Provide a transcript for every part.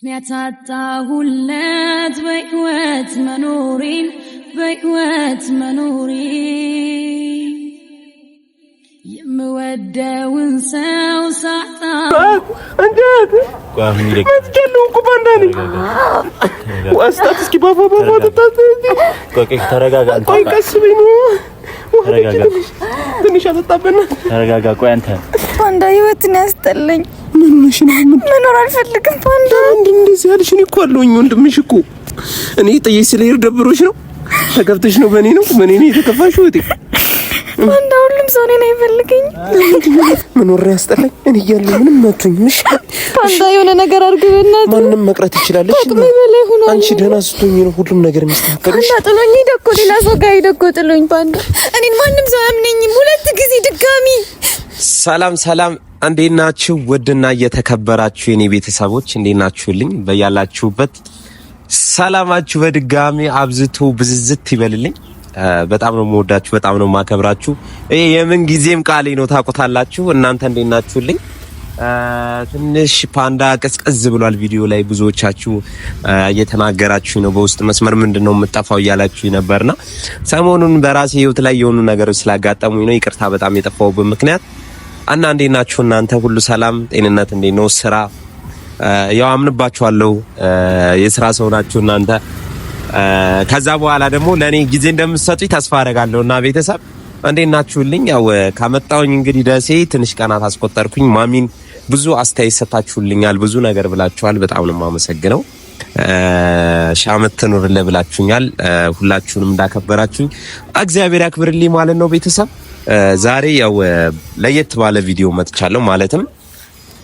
ምክንያት አጣሁለት በሕይወት መኖሬን በሕይወት መኖሬ የምወደውን ሰው ሳጣ እንዴት ፓንዳ ህይወትን ያስጠላኝ። ምንሽ ነው? መኖር አልፈልግም ፓንዳ። እንደዚህ ያልሽ እኮ አለሁኝ ወንድምሽ እኮ እኔ ጥዬ ስለሄድ ደብሮሽ ነው ተከፍተሽ ነው በእኔ ነው በእኔ ነው የተከፋሽ ወጥ ፓንዳ። ሁሉም ሰው እኔን አይፈልገኝ። መኖር ያስጠላኝ። እኔ እያለሁ ምንም መቱኝ። እሺ ፓንዳ፣ የሆነ ነገር አድርግብና ማንም መቅረት ይችላል። እሺ አንቺ ደህና ስትሆኚ ነው ሁሉም ነገር የሚስተካከለው። ፓንዳ ጥሎኝ ሄደ እኮ ሌላ ሰው ጋር ሄደ እኮ ጥሎኝ ፓንዳ። እኔን ማንም ሰው አያምነኝም። ሁለት ጊዜ ድጋሚ ሰላም ሰላም፣ እንዴት ናችሁ? ውድና እየተከበራችሁ የኔ ቤተሰቦች እንዴት ናችሁልኝ? በያላችሁበት ሰላማችሁ በድጋሚ አብዝቶ ብዝዝት ይበልልኝ። በጣም ነው የምወዳችሁ፣ በጣም ነው የማከብራችሁ። ይሄ የምን ጊዜም ቃሌ ነው ታውቁታላችሁ። እናንተ እንዴት ናችሁልኝ? ትንሽ ፓንዳ ቀዝቀዝ ብሏል። ቪዲዮ ላይ ብዙዎቻችሁ እየተናገራችሁ ነው። በውስጥ መስመር ምንድን ነው የምጠፋው እያላችሁ ነበርና ሰሞኑን በራሴ ህይወት ላይ የሆኑ ነገሮች ስላጋጠሙኝ ነው። ይቅርታ በጣም የጠፋሁበት ምክንያት እና እንዴት ናችሁ እናንተ? ሁሉ ሰላም፣ ጤንነት እንዴት ነው? ስራ ያው አምንባችኋለሁ፣ የስራ ሰው ናችሁ እናንተ። ከዛ በኋላ ደግሞ ለኔ ጊዜ እንደምትሰጡኝ ተስፋ አደርጋለሁ። እና ቤተሰብ እንዴት ናችሁልኝ? ያው ካመጣሁኝ እንግዲህ ደሴ ትንሽ ቀናት አስቆጠርኩኝ። ማሚን ብዙ አስተያየት ሰጣችሁልኛል፣ ብዙ ነገር ብላችኋል። በጣም ነው የማመሰግነው። ሺህ ትኑርልህ ብላችሁኛል። ሁላችሁንም እንዳከበራችሁኝ እግዚአብሔር ያክብርልኝ ማለት ነው ቤተሰብ ዛሬ ያው ለየት ባለ ቪዲዮ መጥቻለሁ። ማለትም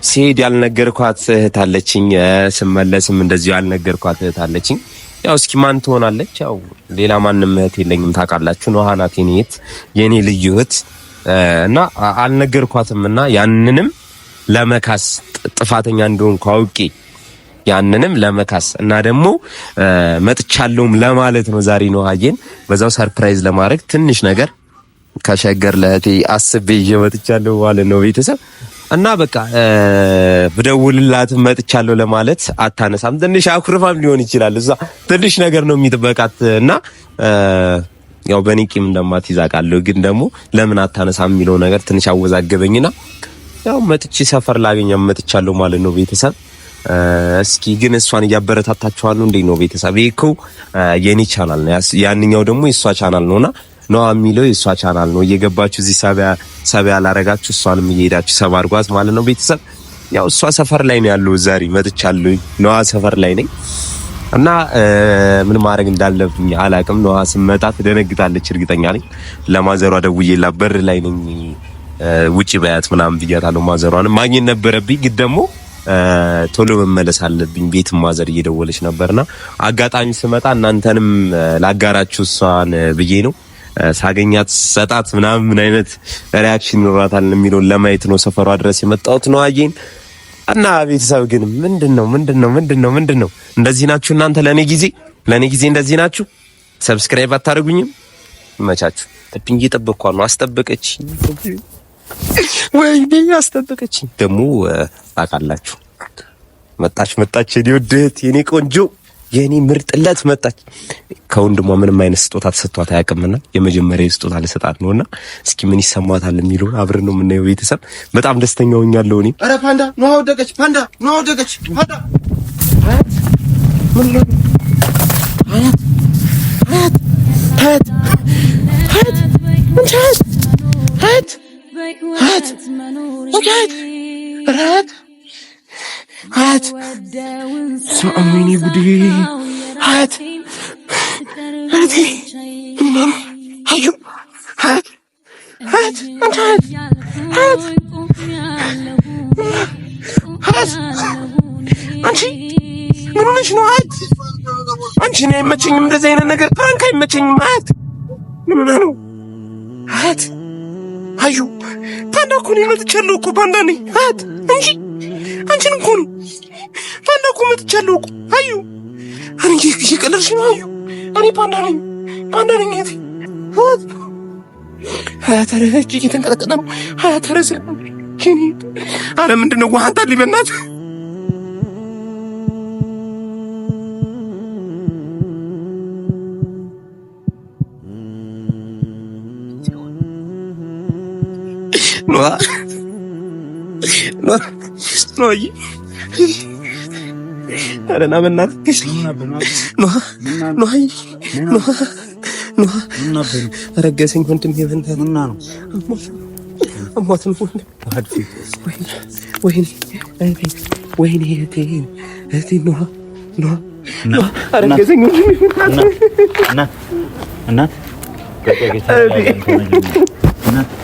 ሲሄድ ያልነገርኳት እህት አለችኝ፣ ስመለስም እንደዚሁ ያልነገርኳት እህት አለችኝ። ያው እስኪ ማን ትሆናለች? ያው ሌላ ማንም እህት የለኝም ታውቃላችሁ። ንውሃ ናት የኔ እህት፣ የኔ ልዩ እህት እና አልነገርኳትም እና ያንንም ለመካስ ጥፋተኛ እንደሆን አውቄ ያንንም ለመካስ እና ደግሞ መጥቻለሁም ለማለት ነው ዛሬ ንውሃዬን በዛው ሰርፕራይዝ ለማድረግ ትንሽ ነገር ከሸገር ለእህቴ አስቤ ይዤ መጥቻለሁ ማለት ነው ቤተሰብ እና በቃ ብደውልላት መጥቻለሁ ለማለት አታነሳም። ትንሽ አኩርፋም ሊሆን ይችላል። እዛ ትንሽ ነገር ነው የሚጥበቃት እና ያው በኒቂም እንደማት ይዛቃለሁ። ግን ደግሞ ለምን አታነሳም የሚለው ነገር ትንሽ አወዛገበኝና ያው መጥቼ ሰፈር ላገኛ መጥቻለሁ ማለት ነው ቤተሰብ። እስኪ ግን እሷን እያበረታታችኋለሁ። እንዴ ነው ቤተሰብ? ይሄ እኮ የኔ ቻናል ነው፣ ያንኛው ደግሞ የእሷ ቻናል ነውና ነዋ የሚለው የእሷ ቻናል ነው። እየገባችሁ እዚህ ሰቢያ ላረጋችሁ እሷንም እየሄዳችሁ ሰብ አድርጓት ማለት ነው። ቤተሰብ ያው እሷ ሰፈር ላይ ነው ያለው። ዛሬ መጥቻለሁ። ነዋ ሰፈር ላይ ነኝ እና ምን ማድረግ እንዳለብኝ አላቅም። ነዋ ስመጣ ትደነግጣለች እርግጠኛ ነኝ። ለማዘሯ ደውዬላ በር ላይ ነኝ ውጪ በያት ምናምን ብያታለሁ። ማዘሯን ማግኘት ነበረብኝ ግን ደግሞ ቶሎ መመለስ አለብኝ። ቤት ማዘር እየደወለች ነበርና አጋጣሚ ስመጣ እናንተንም ላጋራችሁ እሷን ብዬ ነው። ሳገኛት ሰጣት ምናምን ምን አይነት ሪያክሽን ይኖራታል የሚለውን ለማየት ነው ሰፈሯ ድረስ የመጣሁት ነው አየኝ እና ቤተሰብ ግን ምንድን ነው ምንድን ነው ምንድን ነው ምንድን ነው? እንደዚህ ናችሁ እናንተ። ለእኔ ጊዜ ለእኔ ጊዜ እንደዚህ ናችሁ። ሰብስክራይብ አታደርጉኝም? መቻችሁ ጥብኝ እየጠበቅኳ ነው። አስጠበቀች ወይ አስጠበቀች። ደግሞ ታውቃላችሁ፣ መጣች መጣች፣ የኔ ወድህት የኔ ቆንጆ የእኔ ምርጥለት መጣች። ከወንድሟ ምንም አይነት ስጦታ ተሰጥቷት አያውቅምና የመጀመሪያ ስጦታ ልሰጣት ነውና እስኪ ምን ይሰማታል የሚሉ አብረን ነው የምናየው። ቤተሰብ በጣም ደስተኛ ሆኛለሁ እኔ። ኧረ ፓንዳ ነው አወደቀች፣ ፓንዳ ነው አወደቀች፣ ፓንዳ ምን አያት ሳሚኒ ጉድ አያት እህቴ እናም አዩ አያት አያት አንተ አያት አያት አንቺ ምን ሆነሽ ነው አያት? አንቺ እኔ አይመቸኝም፣ እንደዚህ አይነት ነገር ፕራንክ አይመቸኝም። አያት ምን ሆነ ነው አያት? አዩ ፓንዳ እኮ እኔ መጥቻለሁ እኮ ፓንዳ ነኝ አያት እንጂ አንቺን እኮ ነው ፓንዳ እኮ መጥቻለሁ እኮ አዩ። እኔ እየቀለድሽ ነው አዩ። እኔ ፓንዳ ነኝ፣ ፓንዳ ነኝ እህቴ። ሀያተረ እጅ እየተንቀጠቀጠ ነው። ሀያተረ ስለ አረ ምንድን ነው ዋህታ ሊበናት ነዋ አረና በእናትሽ ረገዘኝ ወንድም አሟትም ወይኔ እህቴ እህቴ አረገዘኝ ወንድም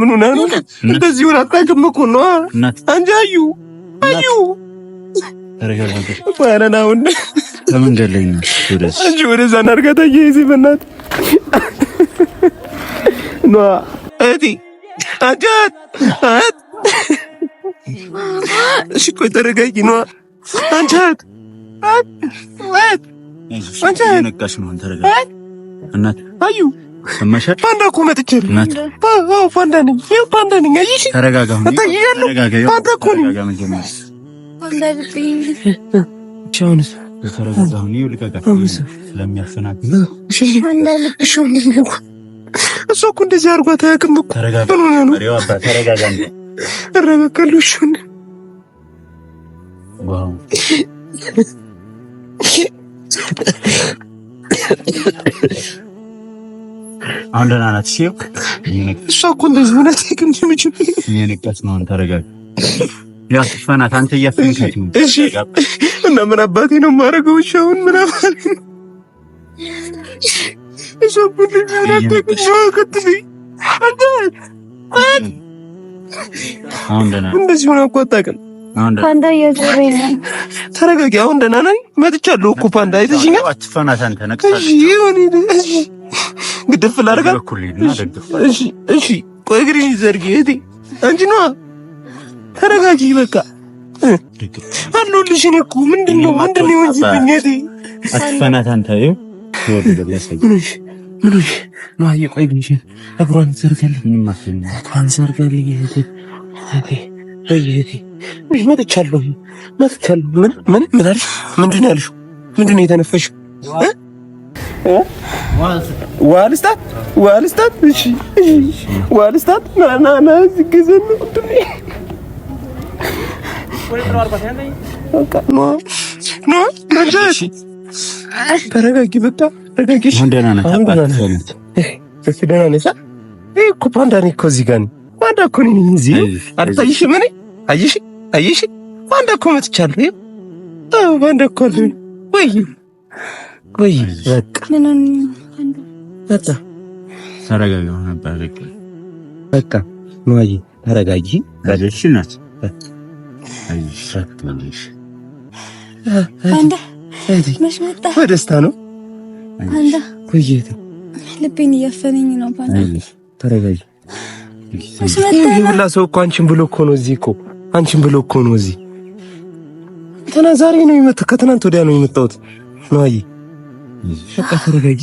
ምኑና ነው እንደዚህ ሆነ? አታውቅም እኮ ነው አንቺ። አዩ አዩ ባረናውን ከመንገድ ላይ ነው አንቺ ወደዛ ናርጋታ እየይዜ በእናትህ ነዋ እህቴ አንቺ እህት እሺ ቆይ ተረጋጊ። ነዋ አንቺ እህት እህት አንቺ እህት ነቃሽ ነው አንተ ተረጋጊ እናት አዩ ሰማሻል? ፓንዳ እኮ መጥቼልህ ናት። አዎ ፓንዳ ነኝ፣ ይኸው ፓንዳ ነኝ። አየሽ? ተረጋጋ። እታየዋለሁ። ፓንዳ እኮ ነኝ። እሷ እኮ እንደዚህ አድርጓት አያውቅም እኮ። ምን ሆነ ነው? እረበካለሁ። እሺውን ዋው አሁን ደህና ናት። እሷ እኮ እንደዚህ ሆነ ነው። ተረጋጋ። ያ ፈናት አንተ እያፈንካት ነው። እሺ እና ምን አባቴ ነው የማደርገው? ሻውን ምን አባቴ ነው አሁን ቡድን እንደዚህ ሆነ እኮ አታውቅም። ፓንዳ እያዞረኝ ነው። ተረጋጊ። አሁን ደህና ነኝ። መጥቻለሁ እኮ ፓንዳ አይተሽኛል። አትፈናት አንተ ነቅሳለች ግድፍ ላርጋ እሺ እሺ፣ ቆይ እግርሽን ዘርጊ እህቴ። አንቺ ነዋ። ተረጋጊ በቃ አለሁልሽ። እኔ እኮ ምንድን ነው ምንድን ነው የሆንሽብኝ እህቴ። አትፈናት አንተ። ምንሽ ማየ ቆይ ግንሽን እግሯን ዘርጋልኝ፣ እግሯን ዘርጋልኝ እህቴ እህቴ መጥቻለሁ መጥቻለሁ። ምን ምን ምን አልሽ? ምንድን ነው ያልሽው? ምንድን ነው የተነፈሽው? ዋልስታት ዋልስታት እሺ እሺ ዋልስታት ና ና ና ዝገዘን ተረጋጊ፣ በቃ ተረጋጊ። ደህና ነህ? ደህና እኮ ፓንዳ እኔ እኮ እዚህ ጋር ነኝ። ፓንዳ እኮ ነኝ እዚህ። አልታየሽም? እኔ አየሽ፣ አየሽ፣ ፓንዳ እኮ መጥቻለሁ። ፓንዳ እኮ ወይ ወይ በቃ በቃ ተረጋጋ ነበር። በቃ ማጂ ተረጋጊ። እሺ ናት። በደስታ ነው። ቆየት ልቤን እያፈነኝ ነው። ተረጋጊ። ሁላ ሰው እኮ አንቺን ብሎ እኮ ነው እዚህ እኮ አንቺን ብሎ እኮ ነው እዚህ ዛሬ ነው የመጣሁት። ከትናንት ወዲያ ነው የመጣሁት። ነዋዬ በቃ ተረጋጊ።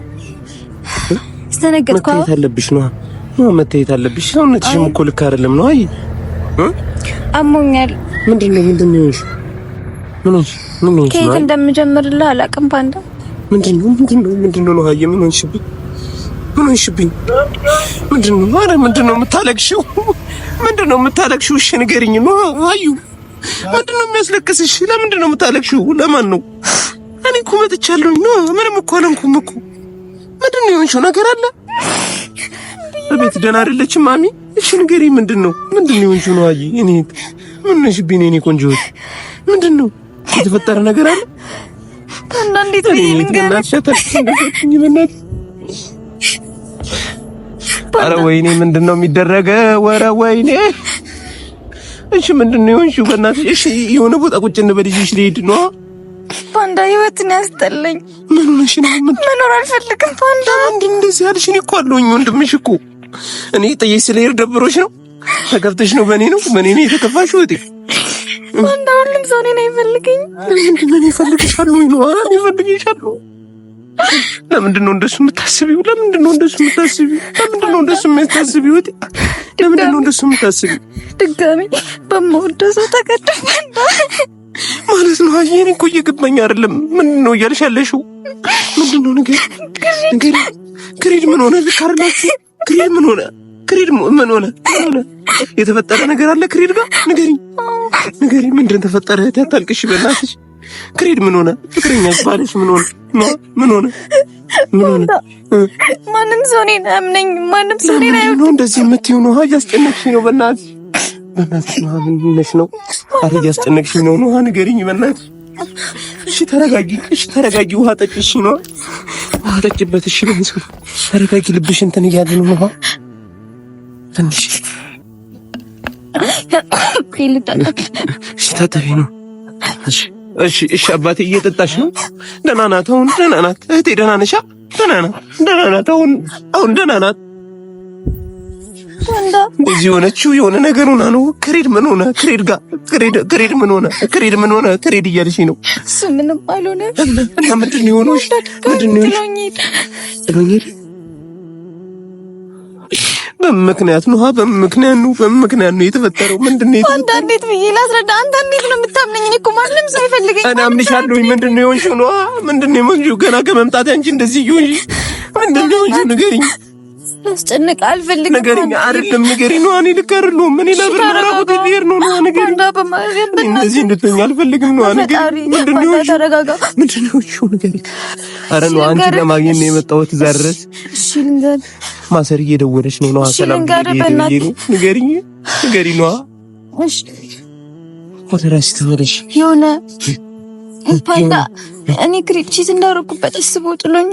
አስደነገጥኩ። መታየት አለብሽ ነው ነው መታየት አለብሽ። ሰውነትሽም እኮ ልክ አይደለም ነው። አይ አሞኛል። ምንድን ነው ምንድን ነው? ምን ሆንሽ? ምን ሆንሽ? ከየት እንደምጀምርልህ አላውቅም። ፓንዳ ምንድን ነው ምንድን ነው ምንድን ነው? ሀየ ምን ሆንሽብኝ? ምን ሆንሽብኝ? ምንድን ነው? ኧረ ምንድን ነው የምታለቅሽው? ምንድን ነው የምታለቅሽው? እሺ ንገሪኝ ነው አዩ። ምንድን ነው የሚያስለቅስሽ? ለምንድን ነው የምታለቅሽው? ለማን ነው? እኔ እኮ መጥቻለሁኝ ነው። ምንም እኮ አልሆንኩም እኮ ምንድን ነው የሆንሽው? ነገር አለ ቤት ደህና አይደለችም ማሚ። እሺ ንገሪ፣ ምንድን ነው ምንድን ነው የሆንሽው? ነው አይ እኔ ምን ነሽ ቢኔ እኔ ቆንጆ ምንድን ነው የተፈጠረ ነገር አለ? አንዳንዴ ኧረ ወይኔ ምንድን ነው የሚደረገው? ኧረ ወይኔ እሺ ምንድን ነው የሆንሽው? በእናትሽ እሺ የሆነ ቦታ ቁጭ እንበል ይዤሽ ልሄድ ነው ፓንዳ ህይወትን ያስጠላኝ። ምን ሆነሽ ነው? መኖር አልፈልግም ፓንዳ። ምንድን እንደዚህ ያልሽ? እኔ እኮ አለሁኝ ወንድምሽ እኮ። እኔ ጥዬሽ ስለሄድ ደብሮሽ ነው ተገብተሽ ነው በእኔ ነው በእኔ ነው የተከፋሽ ወጤ ፓንዳ። ሁሉም ሰው እኔን አይፈልገኝ። ምንድን ነው ይፈልግሻል ወይ ነው? አረ ይፈልግሻል። ለምንድን ነው እንደሱ የምታስቢው? ለምንድን ነው እንደሱ የምታስቢው? ለምንድን ነው እንደሱ የምታስቢው? ወጤ ለምንድን ነው እንደሱ የምታስቢው? ድጋሜ በምወደው ሰው ተቀደም ነው። አየህ እኔ እኮ እየገባኝ አይደለም። ምን ነው እያልሽ ያለሽው? ምንድን ነው ንገሪኝ፣ ንገሪኝ። ክሪድ ምን ሆነ? ልክ አይደላችሁ? ክሪድ ምን ሆነ? ክሪድ ምን ሆነ? የተፈጠረ ነገር አለ ክሪድ ጋር ንገሪኝ፣ ንገሪኝ። ምንድን ተፈጠረ? ታታልቅሽ በእናትሽ። ክሪድ ምን ሆነ? ፍቅረኛ ባለሽ ምን ሆነ? ምን ሆነ? ምን ሆነ? ማንም ሰው እኔን አያምነኝም። ማንም ሰው እኔን አይወድም። እንደዚህ የምትይው ነው እያስጨነቅሽ ነው በእናትሽ በናሽ ነው አረ እያስጨነቅሽኝ ነው። ውሃ ንገሪኝ በእናትሽ። እሺ ተረጋጊ፣ እሺ ተረጋጊ። ውሃ ጠጪ፣ እሺ ነው ውሃ ጠጭበት። እሺ ነው፣ ተረጋጊ። ልብሽ እንትን እያለ ነው። ውሃ ትንሽ እሺ ታጠቢ ነው። እሺ እሺ። እሺ። አባቴ እየጠጣሽ ነው። ደህና ናት አሁን፣ ደህና ናት እህቴ። ደህና ነሻ? ደህና ናት፣ ደህና ናት አሁን፣ አሁን ደህና ናት። እዚህ የሆነችው የሆነ ነገር ሆና ነው። ክሬድ ምን ሆነ? ክሬድ ጋር ክሬድ ክሬድ ምን ሆነ? ክሬድ ምን ሆነ? ክሬድ እያልሽ ነው። እሱ ምንም አልሆነ እና ምንድን ነው የሆነው? ምንድን ነው የሆነው? በምክንያት ነው በምክንያት ነው በምክንያት ነው የተፈጠረው። ምንድን ነው አንተ እንዴት ብዬ ላስረዳ? አንተ እንዴት ነው የምታምነኝ? እኔ እኮ ማንም ሰው ይፈልገኝ እና አምንሻለሁ። ምንድን ነው የሆንሽው? ነው ምንድን ነው የሆንሽው? ገና ከመምጣት አንቺ እንደዚህ ይሁን ምንድን ነው የሆንሽው? ንገሪኝ ላስጨንቅ አልፈልግም። ነገርኛ አይደለም ነገሪ ነው እኔ ልክ አይደለሁም። እኔ ለብር መራቆት ብሄር ነው ነው ነገሪ እንደዚህ እንድትሆኝ አልፈልግም። ነው ነገሪ ምንድነው? ተረጋጋ። ነው እሺ ነገሪ። አረ ነው አንቺ ለማግኘት ነው የመጣሁት እዛ ድረስ። እሺ ልንገር። ማሰር እየደወለች ነው ነው ሰላም ነገሪ ነገሪ ነው። እሺ ወደ እራስሽ ተመለሽ የሆነ ፓንዳ እኔ ክሬፕ ቺዝ እንዳደረኩበት አስቦ ጥሎኝ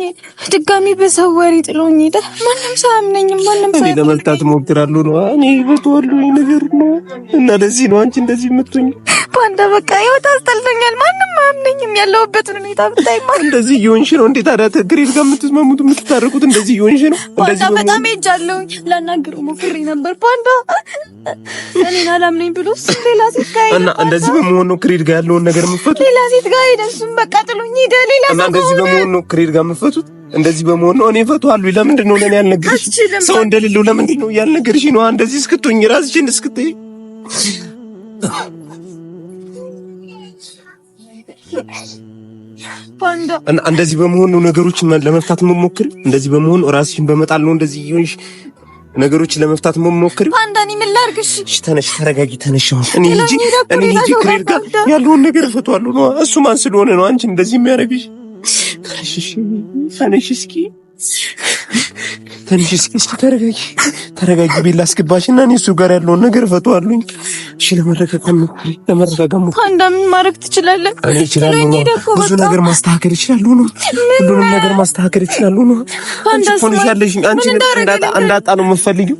ድጋሚ በሰው ወሬ ጥሎኝ ሄደ። ማንም ሰው አምነኝም። ማንም ሰው ለመልታት ሞክራለሁ ነው እኔ ይበቷሉ ነገር ነው እና ለዚህ ነው አንቺ እንደዚህ የምትሆኝ ፓንዳ በቃ ህይወት አስጠልቶኛል። ማንም አያምነኝም። ያለሁበትን ሁኔታ ብታይማ። እንደዚህ እየሆንሽ ነው። እንዴት ታዲያ ከግሬት ጋር የምትስማሙት የምትታረቁት? እንደዚህ እየሆንሽ ነው። ፓንዳ በጣም ሄጃለሁ። ላናግረው ሞክሬ ነበር። ፓንዳ እኔን አላምነኝ ብሎ እሱም ሌላ ሴት ጋር ሄደ። እና እንደዚህ በመሆን ነው ክሬድ ጋር ያለውን ነገር የምትፈቱት? ሌላ ሴት ጋር ሄደ። እሱም በቃ ጥሎኝ ሄደ። ሌላ ሰው እንደዚህ በመሆን ነው ክሬድ ጋር የምትፈቱት? እንደዚህ በመሆን ነው እኔ እፈታዋለሁ። ለምንድን ነው ለኔ ያልነገርሽ? ሰው እንደሌለው ለምንድን ነው ያልነገርሽ ነው? እንደዚህ እስክትሆኝ ራስሽን እስክትይ እንደዚህ በመሆን ነው ነገሮችን ለመፍታት መሞክር። እንደዚህ በመሆን ራስሽን በመጣል ነው እንደዚህ ይሁንሽ ነገሮችን ለመፍታት መሞክር። ፓንዳ እኔ ምን ላርግሽ? እሺ ተነሽ፣ ተረጋጊ፣ ተነሽ። እኔ ሂጂ፣ እኔ ሂጂ፣ ክሬር ጋር ያለውን ነገር እፈቷለሁ ነው። እሱ ማን ስለሆነ ነው አንቺ እንደዚህ የሚያደርግሽ? ተነሽ፣ ተነሽ እስኪ ትንሽ እስኪ እስኪ ተረጋጊ ተረጋጊ፣ ቤት ላስገባሽ እና እኔ እሱ ጋር ያለውን ነገር አሉኝ። እሺ፣ ለመረጋጋት ለመረጋጋት ማድረግ ትችላለህ። ብዙ ነገር ማስተካከል ይችላሉ ነው፣ ሁሉንም ነገር ማስተካከል ይችላሉ ነው። አንቺ እንዳጣ እንዳጣ ነው የምትፈልጊው፣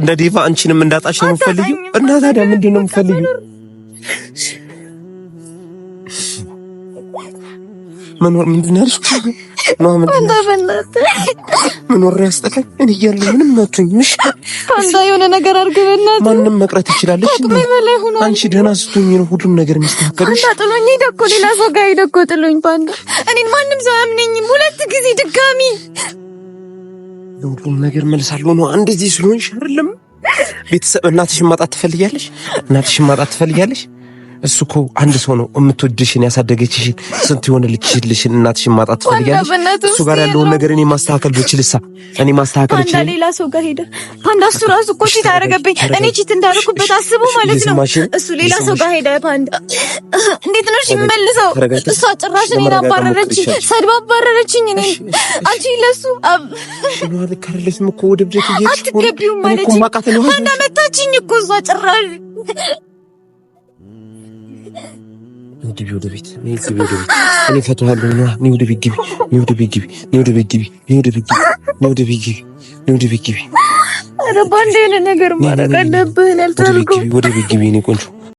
እንደ ዴቫ አንቺንም እንዳጣሽ ነው የምትፈልጊው። እና ታዲያ ምንድን ነው የምትፈልጊው? መኖር ምንድን ነው ያልሽው? መኖር ያስጠላኝ። እኔ እያለሁ ምንም አትሆኝም። ፓንዳ የሆነ ነገር አድርገን ማንም መቅረት ይችላለች። አንቺ ደህና ስትሆኝ ነው ሁሉም ነገር የሚስተካከል። ፓንዳ ጥሎኝ ሄደ እኮ ሌላ ሰው ጋር ሄደ እኮ ጥሎኝ። ፓንዳ እኔን ማንም ሰው አያምነኝም። ሁለት ጊዜ ድጋሚ ለሁሉም ነገር መልሳለሁ ነው። አንድ እንደዚህ ስለሆንሽ አይደለም ቤተሰብ እናትሽን ማጣት ትፈልጊያለሽ? እናትሽን ማጣት ትፈልጊያለሽ? እሱ እኮ አንድ ሰው ነው የምትወድሽን ያሳደገችሽን ስንት የሆነ ልችልሽን እናትሽን ማጣት ትፈልጊያለሽ? እሱ ጋር ያለውን ነገር እኔ ማስተካከል ብችልሳ እኔ ማስተካከል ብችል ሌላ ሰው ጋር ሄደ ፓንዳ፣ እሱ ራሱ እኮ ቺት አደረገብኝ። እኔ ቺት እንዳደረኩበት አስቡ ማለት ነው። እሱ ሌላ ሰው ጋር ሄደ ፓንዳ። እንዴት ነው እሺ የምመልሰው? እሷ ጭራሽ እኔን አባረረችኝ፣ ሰድባ አባረረችኝ። እኔ አንቺ ለሱ አትገቢውም ነው። ፓንዳ መታችኝ እኮ እሷ ጭራሽ ግቢ ወደ ቤት ግቢ ወደ ቤት እኔ ፈትዋለሁ እና እኔ ወደ ቤት ግቢ እኔ ወደ ቤት ግቢ እኔ ወደ ቤት ግቢ እኔ ወደ ቤት ግቢ እኔ ወደ ቤት ግቢ እኔ ወደ ቤት ግቢ ኧረ በአንድ ያለ ነገር ማድረግ አለብህ። ላልተልኩ ወደ ቤት ግቢ እኔ ቆንጆ